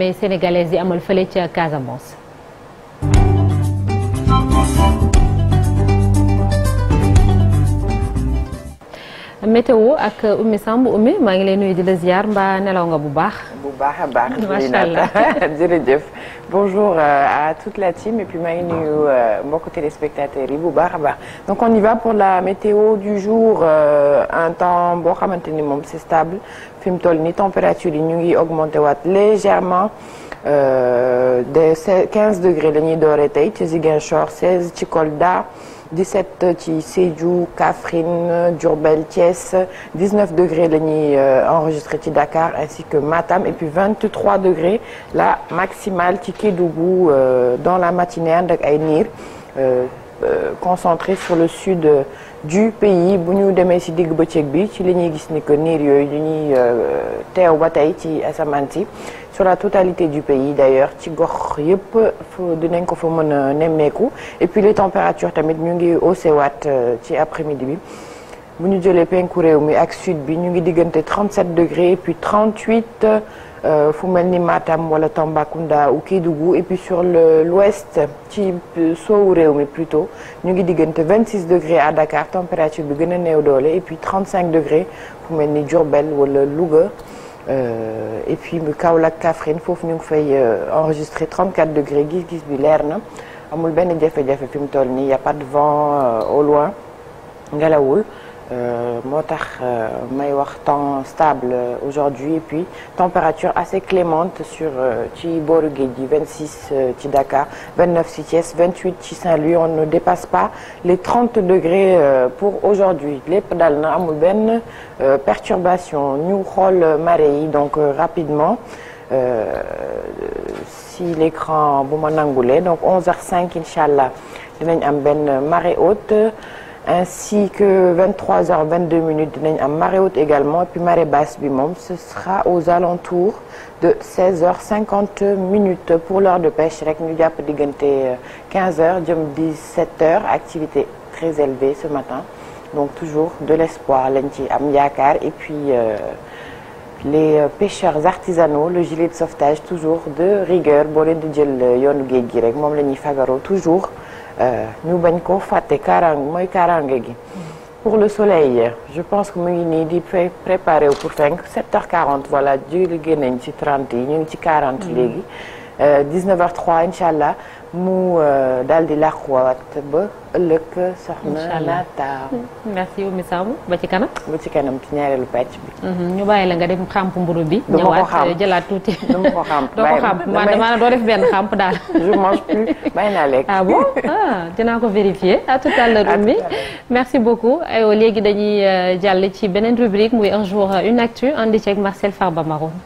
mais sénégalaises yi amal fële ca Casamance. météo ak Oumy Samb maa ngi lay nuyu di la ziar mbaa nelaw nga bu baax. bu baax a baax. macha allah jërëjëf. bonjour euh, à toute la team et puis maa ngi nuyu euh, mbokku téléspectateurs yi bu baax a baax donc on y va pour la météo du jour euh, un temps boo xamante ni moom c'est fi mu toll nii température yi ñu ngi augmenté waat légèrement. de 15 degrés la ñuy dooree tey ci Ziguinchor 16 ci Kolda. 17 ci Sédhiou Kaffrine Diourbel Thiès 19 degrés la ñuy euh, enregistré ci Dakar ainsi que Matam et puis 23 degrés la maximale ci Kédougou euh, dans la matinée ànd ak ay niir. Euh, euh, concentré sur le sud euh, du pays bu ñu demee ci digg bëccëg bi ci li ñuy gis ni que niir yooyu ñu ñuy teew ba tey ci asamaan si sur la totalité du pays d'ailleurs ci gox yëpp dinañ ko fa mën a nemmeeku et puis les températures tamit ñu ngi haussé waat ci après-midi bi bu ñu jëlee penku réew mi ak sud bi ñu ngi diggante 37 degrés et puis 38 Euh, fu mel ni Matam wala Tambacounda ou Kédougou et puis sur le l'ouest ci euh, soowu réew mi plutôt ñu ngi diggante 26 degrés à Dakar température bi gën a néew doole et puis 35 degrés fu mel ni Diourbel wala Louga Euh, et puis Kaolack Kaffrine foofu ñu ngi fay euh, enregistré 34 degrés gis-gis bi leer na amul benn jafe-jafe fi mu toll nii y a pas de vent euh, au loin ngelawul Euh, moo tax euh, may wax temps stable aujourd'hui et puis température assez clémente euh, ci booru géej gi 26 ci Dakar 29 ci Thiès 28 ci Saint-Louis on ne dépasse pas les 30 degrés pour aujourd'hui lépp dal na amul benn perturbation ñu xool marée yi donc rapidement si l'écran bu donc 11h05 ainsi que 23 heures 22 minutes dinañ am marée également puis marée basse bi moom ce sera aux alentours de 16 heures 50 minutes pour l'heure de pêche rek ñu jàpp diggante 15 euh, heures jëm 17 heures activité très élevée ce matin donc toujours de l'espoir lañ ci am yaakaar et puis euh, les euh, pêcheurs artisanaux le gilet de sauvetage toujours boo leen di jël euh, yoonu géej gi rek moom la ñuy fagaroo toujours Euh, ñu bañ ko fàtte kaaraange mooy kaaraange gi. pour le soleil je pense que mu ngi nii di préparé w pour 5 7h40 voilà ji génn nañ ci 30 yi ñu ngi ci 40 mm. léegi. 19h03 incha allah mu euh, daal di làquwaat ba ëllëg soxna Natta. merci Oumy Samb ba ci kanam. ba ci kanam ci ñaareelu pàcc bi. Mhm, ñu bàyyi la nga dem xamp mburu bi. du ma euh, ko xàmp tuuti. du doo ko xàmp doo def benn xàmp daal. je mange plus bàyyi naa ah bon ah, dinaa ko vérifier à tout à l'heure Oumy merci beaucoup aywa léegi dañuy euh, jàll ci beneen rubrique muy un jour une actu andi ceeg Marcel Farba Maroon.